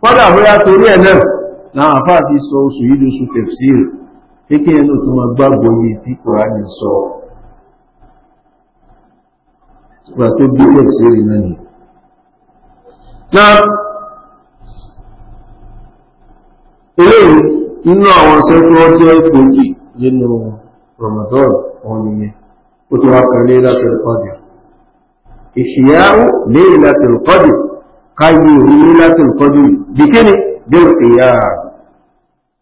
kọ́dà bóyá torí ẹ̀ náà làwọn àfáà fi sọ oṣù yìí lóṣù tẹ̀fsíìrì pé kí tó máa gbàgbọ́ yìí tí kòránì sọ ìgbà tó bí tẹ̀fsíìrì náà yìí náà eléyìí nínú àwọn iṣẹ́ tí wọ́n jẹ́ gbòógì nínú Ramadan ọ̀hún nìyẹn ó ti wá kan Laylatul Qadr ìṣìyàwó Laylatul Qadr káyé òru Laylatul Qadr bí kíni bí ìyá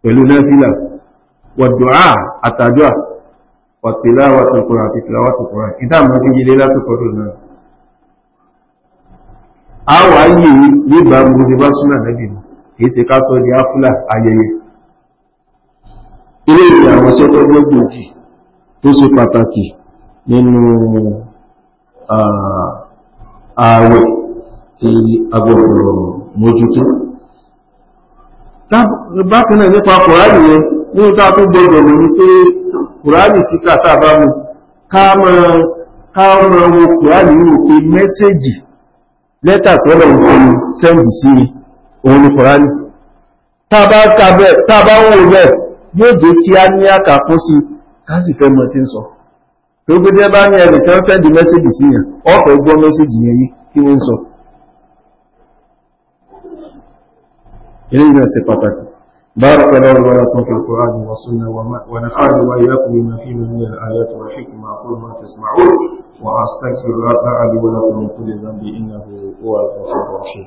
pẹ̀lú náfìlà wàdùá àtàdùá wàtìláwàtò kùrà àti tìláwàtò kùrà ìdáàmú fi Laylatul Qadr náà a wà yìí nígbà mo ti bá súnà lẹ́bìí kì í ṣe ká sọ di áfúlà ayẹyẹ iṣẹ́ tó jẹ́ gbòógì tó ṣe pàtàkì nínú ààwẹ̀ tí agbọ̀rọ̀ mójútó bákan náà nípa kòránì yẹn ní ìta tó gbogbo mú ní pé kòránì tí kàtà bá mú káàmà wo kòránì ní òpé mẹ́sẹ̀jì lẹ́tà tọ́lọ̀ ìfẹ́ni sẹ́ndì sí òun ni kòránì tàbá wò bẹ́ẹ̀ yóò jẹ́ kí a ní àkàkún sí káàsì fẹ́ mọ̀ tí ń sọ tó gbé dẹ́ bá ní ẹnì kan sẹ́ndì mẹ́sẹ̀jì sí yàn ọ̀pọ̀ gbọ́ mẹ́sẹ̀jì yẹn yí kí wọ́n sọ eléyìí náà ṣe pàtàkì بارك الله لي ولكم في القرآن والسنة ونفعني وإياكم بما فيه من الآيات والحكمة أقول ما تسمعون وأستغفر الله لي ولكم من كل ذنب إنه هو الغفور الرحيم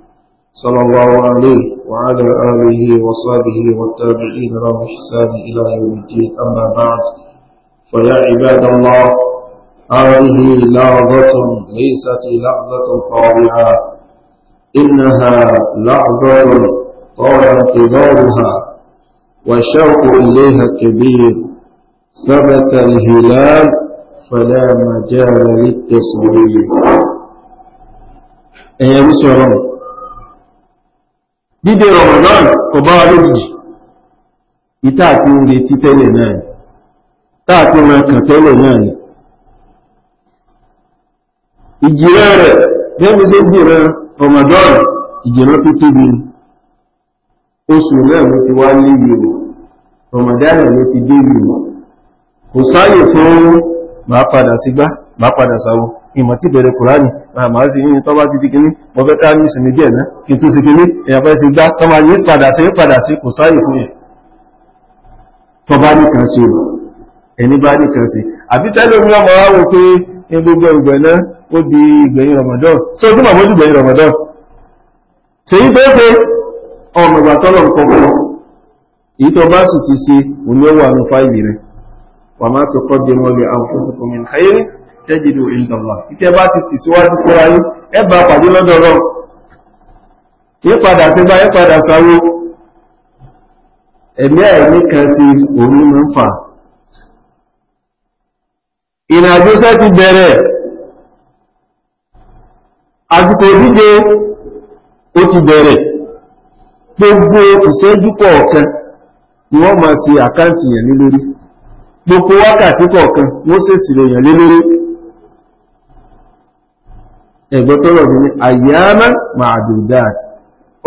صلى الله عليه وعلى آله وصحبه والتابعين له إحسان إلى يوم الدين أما بعد فيا عباد الله هذه لعظة ليست لعظة طابعة إنها لعظة طال انتظارها وشوق إليها كبير ثبت الهلال فلا مجال للتصوير أيها المسلمون dídé Ramadan kò bá wa lójijì ìta àti orí ti tẹ́lẹ̀ náà ni táàtì máa kàn tẹ́lẹ̀ náà ni ìjìrẹ́ rẹ̀ gẹ́gẹ́ sí ìjìrẹ́ Ramadan tó tóbi oṣù náà ló ti wá léwu rẹ̀ Ramadan ló ti dé kò fún padà ìmọ̀ tí bẹ̀rẹ̀ kùránì màá sì yínyìn tọ́ bá ti di kìíní mo fẹ́ ká ní ìsinmi díẹ̀ náà kí n tó sí kìíní èèyàn fẹ́ sí gbá tọ́ máa ní padà sí padà sí kò sáyè fún yẹn tọ́ bá ní kan sí ẹni bá ní kan sí àbí tẹ́lẹ̀ mi ọmọ wa wo pé ní gbogbo ìgbẹ̀ náà ó di ìgbẹ̀yìn Ramadan tó ojú màmú ojú ìgbẹ̀yìn Ramadan ṣèyí tó ṣe ọmọ ìgbà tọ́lọ̀ nǹkan kan èyí tó bá sì ti ṣe òní ó wà ní fáìlì rẹ̀ wà tó kọ́ dé mọ́lẹ̀ àwọn fúnṣùkùn mi tẹ́jìdò ìlọ́lá ìtẹ́ bá ti tì síwájú kóra yí ẹbà pàdé lọ́dọ̀ lọ yí padà sígbà yí padà sáwó ẹ̀mí ẹ̀mí kan sí òun mú fà ìrìnàjò sẹ́ ti bẹ̀rẹ̀ àsìkò ìdíje ó ti bẹ̀rẹ̀ gbogbo ìṣẹ́jú kọ̀ọ̀kan ni wọ́n máa ṣe àkáǹtì yẹn ní lórí gbogbo wákàtí kọ̀ọ̀kan wọ́n ṣèṣirò yẹn lé lórí ẹ̀gbọ́n tó rọ̀ ní àyàmá ma'adudat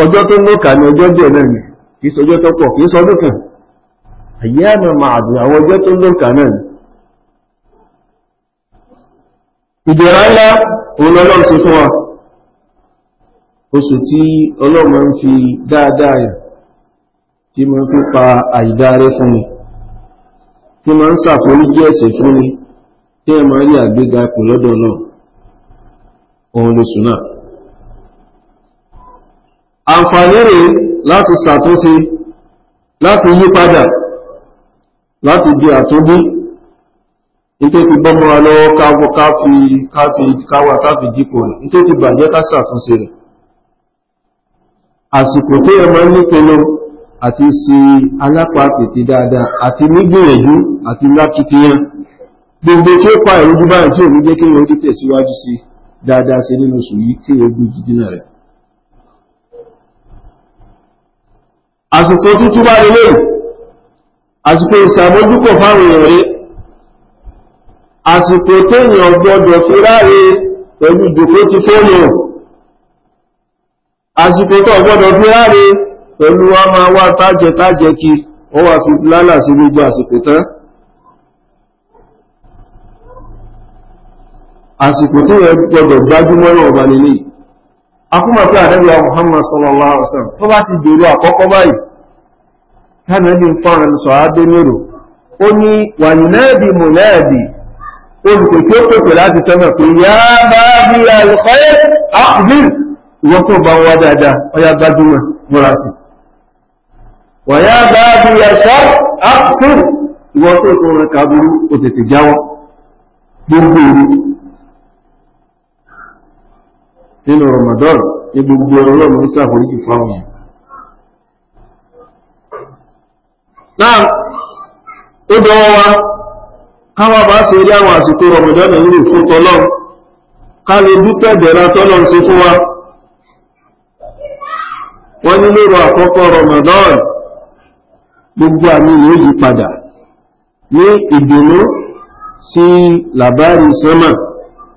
ọjọ́ tó lókà ní ọjọ́ díẹ̀ náà ni kìí tó pọ̀ kìí sọdún kan àyàmá ma'adudat àwọn ọjọ́ tó lókà náà ni ìdẹ̀ra ńlá òun ọlọ́run ṣe fún wa oṣù tí ọlọ́run ń fi dáadáa yà tí mo ń àìdáre fún mi tí mo ń ohun suna sùn náà láti ṣàtúnṣe láti yí padà láti di àtúndí ìtò ti bọ́mọ́ alọ́wọ́ káwọ́ káwà káfí dípò rẹ̀ ti bàjẹ́ ká ṣàtúnṣe rẹ̀ àsìkò tí ẹ̀mọ́ nípinnu àti sí alápá tètè dáadáa àti nígbìyànjú àti lákìtìyàn gbogbo tí ó pa ìrújú báyìí tí òun jẹ́ kí wọ́n tẹ̀síwájú sí dáadáa ṣe nínú oṣù yìí kí o gbé jìdínà rẹ̀. àsìkò tútù bá lè lóòrùn àsìkò ìṣàmójúkò fáwọn èèyàn rẹ̀ àsìkò téèyàn gbọdọ̀ fi ráre pẹ̀lú jòkó ti fóònù àsìkò tó gbọdọ̀ fi ráre pẹ̀lú wa máa wá tájẹtájẹ kí wọ́n wá fi lálà sí gbogbo àsìkò tán àsìkò tí yẹ gbọdọ̀ gbájúmọ́ náà bá nílé akúmọ̀ pé àdẹ́bíà Muhammad sallallahu alaihi wasallam tó bá ti dèrò àkọ́kọ́ báyìí tánàbí ń fọ́nà sọ ó ní wà nẹ́ẹ̀dì mùnẹ́ẹ̀dì olùpèké pèpè láti sẹ́mẹ̀ pé yá bá bí alùkọ́yẹ́ àkùbíl ìwọ́n tó bá wá dáadáa múra sí bá bí ẹ̀ṣọ́ àkùsùn ìwọ́n tó nínú Ramadan ní gbogbo ọlọ́run ní sàforíjì fáwọn yẹn náà ó dọwọ́ wa káwà bá ṣe rí àwọn àsìkò Ramadan nínú fún tọlọ́run ká lè dúpẹ́ bẹ̀rẹ̀ tọlọ́run ṣe fún wa wọ́n ní lóru àkọ́kọ́ Ramadan gbogbo àmì yóò yí padà ní ìdùnnú sí làbárí sẹ́mà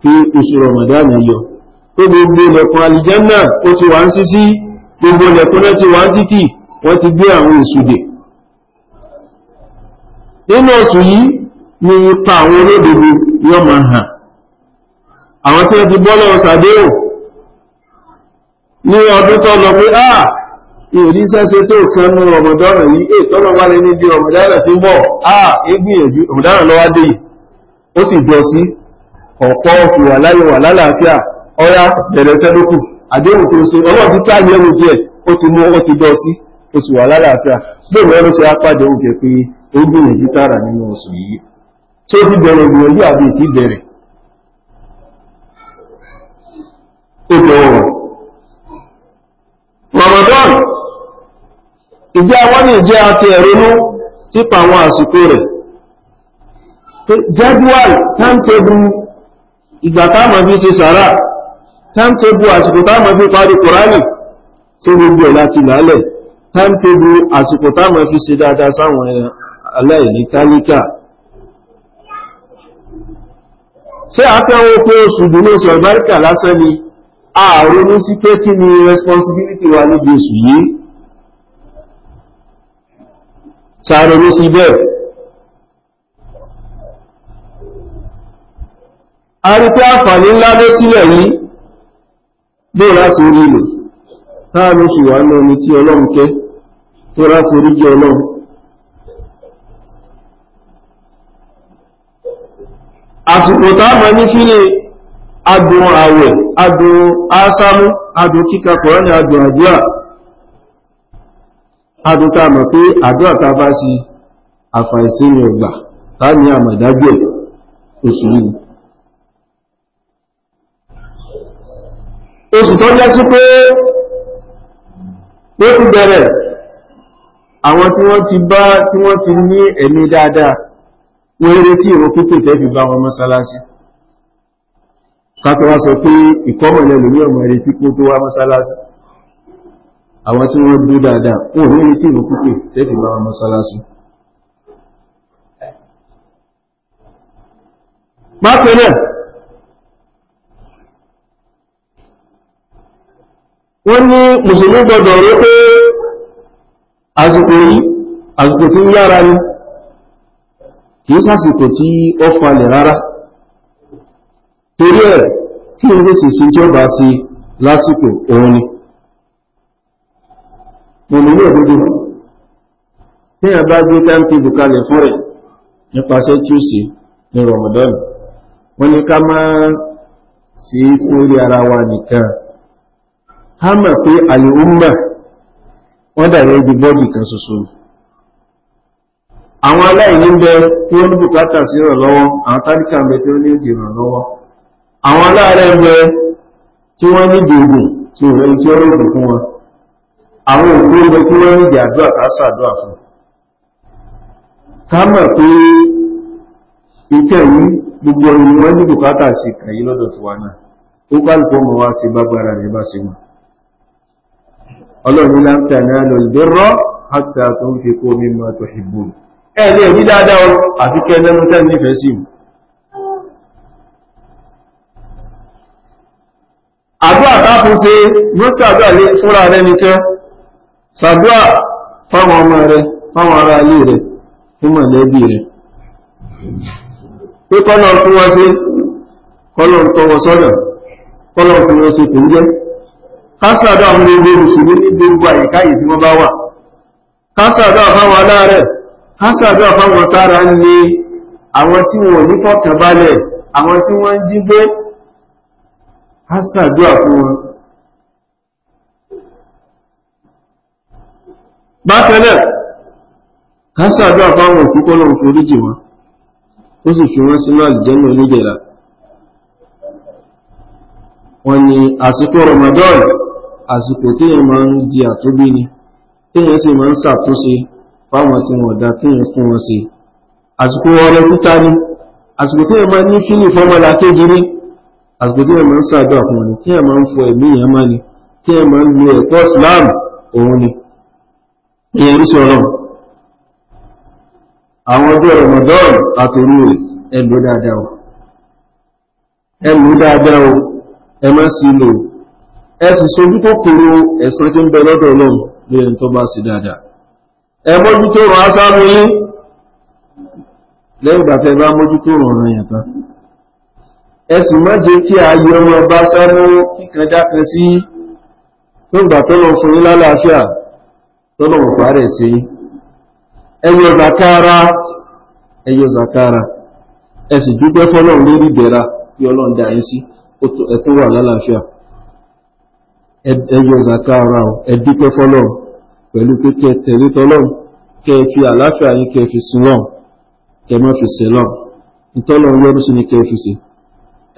fi oṣù Ramadan yọ pé gbogbo ilẹ̀kùn àlìjẹ́nà ó ti wà ń sísí gbogbo ilẹ̀kùn náà ti wà ń títì wọ́n ti gbé àwọn òṣùdè nínú oṣù yìí ni ipa àwọn olódodo yóò máa hàn àwọn tí wọ́n ti bọ́ lọ́wọ́ sàdéhùn ní ọdún tó lọ pé ah ìrí sẹ́sẹ́ tó kan ní ọmọdọ́rọ̀ yìí èyí eh, tọ́lọ wá lé níbi ọmọdọ́rọ̀ tí ń bọ̀ ah égbìyànjú lọ́wọ́ dé yìí ó sì jọ sí ọ̀pọ̀ oṣù wà láyé wà lálàáfíà Ọya bẹ̀rẹ̀ iṣẹ́ lókù àdéhùn tó ṣe ọlọ́run ti díẹ̀ ó ti mú ọ ti bọ́ sí ó wà lálàáfíà bó ìwé ló ṣe apáde oúnjẹ pé ó gbìyànjú tààrà nínú oṣù yìí tí ó fi bẹ̀rẹ̀ ìgbìyànjú àbí ìtì bẹ̀rẹ̀ ó Ramadan ìjẹ́ àwọn ní ìjẹ́ àti ẹ̀rọnú sípa àwọn àsìkò rẹ̀ jadwal timetable ìgbà táwọn bí ṣe sàrà táǹtẹ́bù àsìkò táàmù fi parí kùránì tó gbogbo ẹ̀ láti lálẹ̀ táǹtẹ́bù àsìkò táàmù fi ṣe dáadáa sáwọn aláìní tálíkà ṣé àtẹ́wọ́ pé oṣù dúró oṣù àbáríkà lásán ni ààrùn ní sí pé kí ni responsibility wa níbi oṣù yìí sáré ní sí bẹ́ẹ̀ a rí pé àǹfààní ńlá ló sílẹ̀ yìí bóò láti rí ìlò táà ló fi wà náà ní tí ọlọ́run kẹ́ tó láti rí jẹ́ ọlọ́run àsìkò táàmà ní fílẹ̀ adùn àwẹ̀ adùn ásámú adùn kíkà kọ̀rọ̀nì adùn àdúrà adùn táàmà pé àdúrà ta bá sí àfàìsí ní ọgbà táàmì àmàdágbẹ̀ òṣùlù oṣù tó jẹ́ sí pé pé kú bẹ̀rẹ̀ àwọn tí wọ́n ti bá tí wọ́n ti ní ẹ̀mí dáadáa wọ́n eré tí ìrò pípè tẹ́fì bá wọn mọ́sálásí kápẹ́ wá sọ pé ìkọ́mọ̀lẹ́ lórí ọmọ eré tí kó tó wá mọ́sálásí àwọn tí wọ́n dú dáadáa wọ́n eré tí ìrò pípè tẹ́fì bá wọn mọ́sálásí bákan náà wọ́n ní mùsùlùmí gbọdọ̀ rí pé àsìkò yìí àsìkò tí ń yára ni kìí sásìkò tí ó falẹ̀ rárá torí ẹ̀ kí n lèsì sí tí ó bá sí lásìkò òun ni mo lè tí ẹ bá gbé timetable kalẹ̀ fún rẹ̀ nípasẹ̀ Tuesday ní Ramadan wọ́n ní ká má sí fún orí ara wa nìkan a mọ̀ pé àlèúmà wọ́n dàrẹ́ ibi bọ́dì kan ṣoṣo àwọn aláìní bẹ tí ó ní bùkátà sí ìrànlọ́wọ́ àwọn tálíkà bẹ tí ó ní ìdí ìrànlọ́wọ́ àwọn aláàrẹ bẹ tí wọ́n ní ìdìbò tí ò rẹ̀ tí ó rògùn fún wọn àwọn òkú bẹ tí wọ́n ní ìdí àdúrà ká sàdúrà fún ká mọ̀ pé ìkẹyìn gbogbo ẹni wọ́n ní bùkátà sí ìkẹyìn lọ́dọ̀ tiwa náà ó kálukú ọmọ wa sí bágbára rẹ̀ bá ṣe wọn ọlọ́run lá ń tẹ̀ náà lọ ìdọ́rọ́ àti àtúnfikó mímọ̀ àtọ̀ṣìbò ẹ̀ lè rí dáadáa àti kẹ́ lẹ́nu tẹ́ nífẹ̀ẹ́ sí àdúrà táàkù ṣe yóò sàdúrà lé fúnra rẹ nìkan sàdúrà fáwọn ọmọ rẹ fáwọn ará ilé rẹ fún mọ̀lẹ́bí rẹ pé kọ́lọ̀ fún wọn ṣe kọ́lọ̀ tọwọ́ sọ́dọ̀ kọ́lọ̀ fún wọn ṣe kò ń jẹ́ kásàdọ̀ àwọn gbogbo mùsùlùmí ní gbogbo àyíká yìí tí wọ́n bá wà kásàdọ̀ àfáwọn aláàrẹ̀ kásàdọ̀ àfáwọn tára ń ní àwọn tí wọ́n ní fọ́kànbalẹ̀ àwọn tí wọ́n ń jí gbé kásàdọ̀ àfún bákan náà kásàdọ̀ àfáwọn òkúkọ́ náà foríjì wọn ó sì fi wọ́n sínú Ramadan àsìkò téèyàn máa ń di àtúnbí ni téèyàn sì máa ń ṣàtúnṣe fáwọn tí wọn ọ̀dà téèyàn fún wọn sí àsìkò ọrẹ títa ni àsìkò téèyàn máa ń ní fílì fọmọlá kéjì ni àsìkò téèyàn máa ń ṣàdúrà fún ni téèyàn máa ń fọ máa ni Ramadan àtòrú ẹ lò dáadáa o ẹ lò dáadáa ẹ sì sojú kòkòrò ẹ̀san tí ń bẹ lọ́dọ̀ Ọlọ́run lórí ẹni tó bá ṣe dáadáa ẹ mójútó rọ aṣáájú yín lẹ́yìn ìgbà tẹ́ bá mójútó rọ ọ̀ràn yẹn tán ẹ sì má jẹ́ kí ayé ọmọ ọba sáré kíkan dákan sí nígbà tó lọ fún yín lálàáfíà tó lọ wọ̀ parẹ́ sí ẹyọ zakara ẹyọ zakara ẹ sì dúpẹ́ fọlọ́run lórí ìbẹ̀ra bí Ọlọ́run dá yín sí ẹ̀tún wà lálàáfíà ẹyọ zàká ara ọ̀ ẹdúpẹ́ fọ́lọ̀ pẹ̀lú pé kẹ tẹ̀lé tọ́lọ̀ kẹ fi àlàáfíà yín kẹ fi sin lọ́n kẹ má fi sin lọ́n ìtọ́lọ̀ ń yọrù sí ni kẹ fi sin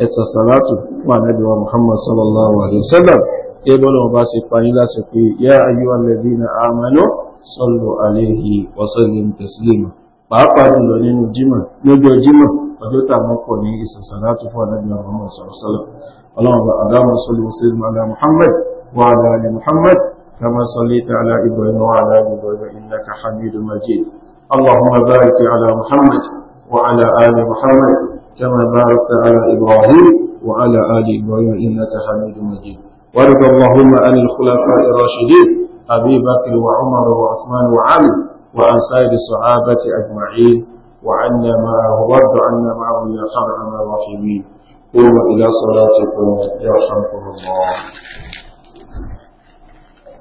ẹ̀sà sàlátù wà nàbí wa muhammad sallallahu alayhi wa sallam kẹ bọ́lọ̀ ọba sì pa yín láti pé yá ayé wa lẹ́bí na àmàlú sọlọ àlehi wọ́sọ̀lẹ̀ tẹ̀sílẹ̀mù pàápàá jùlọ nínú jímọ̀ lọ́jọ́ jímọ̀ ọjọ́ tààmọ́ pọ̀ ní ìsà fún ànábì wa muhammad sallallahu alayhi wa sallam اللهم أدام صلى وسلم على محمد وعلى آل محمد كما صليت على إبراهيم وعلى آل إبراهيم إنك حميد مجيد اللهم بارك على محمد وعلى آل محمد كما باركت على إبراهيم وعلى آل إبراهيم إنك حميد مجيد وارض اللهم عن الخلفاء الراشدين أبي بكر وعمر وعثمان وعلي وعن سائر الصحابة أجمعين وعنا معه وارض عنا معه يا خير الراحمين قوموا إلى صلاتكم يرحمكم الله